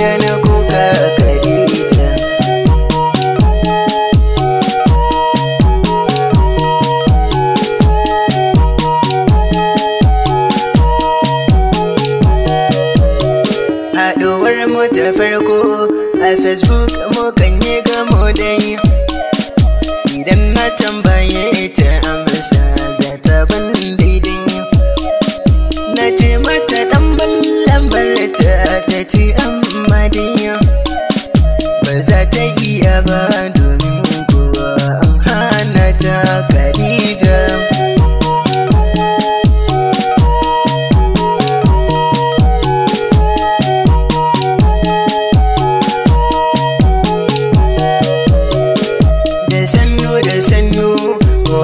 na na kuka kadita Haɗuwar mu ta farko a fesbuk mu kan yi gamo da yi Idan na tambaye ta amsa za ta ban daidai Na ce ɗan ballan ta ce amma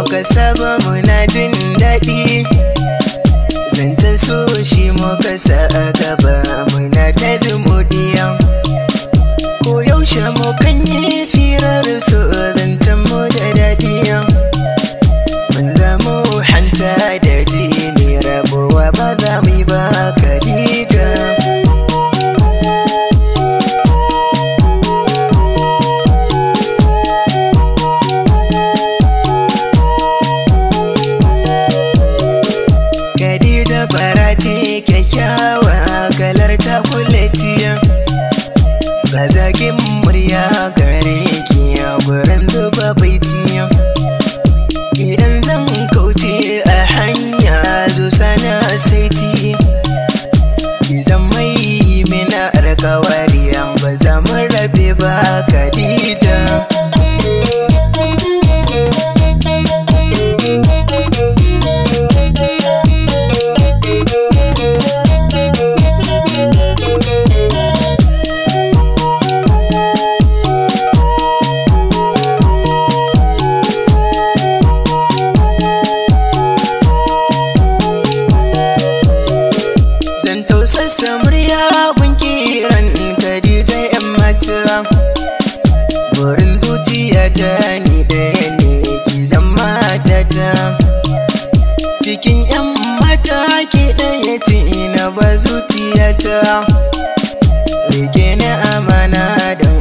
so saba muna jin daɗi Zantar so shi muka sa a gaba muna ta zumuɗiya Ko yaushe mukan yi firar su da kyawa kalar takuletiya ba zagin murya gare ki a gurin zuba baiti warin zuciya ta ni ɗaya ne ki zama ta ta Cikin ‘yan mata ki ɗaya ce na ba zuciya ta Rike ni amana don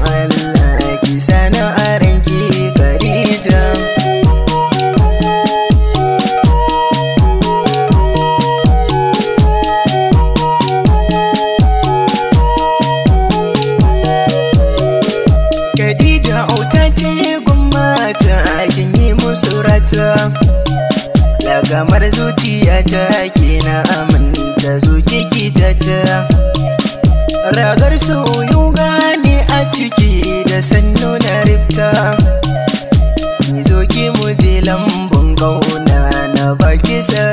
kamar zuciya ta ke na aminta zo kiki ta ta ragar soyu gane a ciki da sannu na rifta ni zo ki mu lambun gauna na baki sa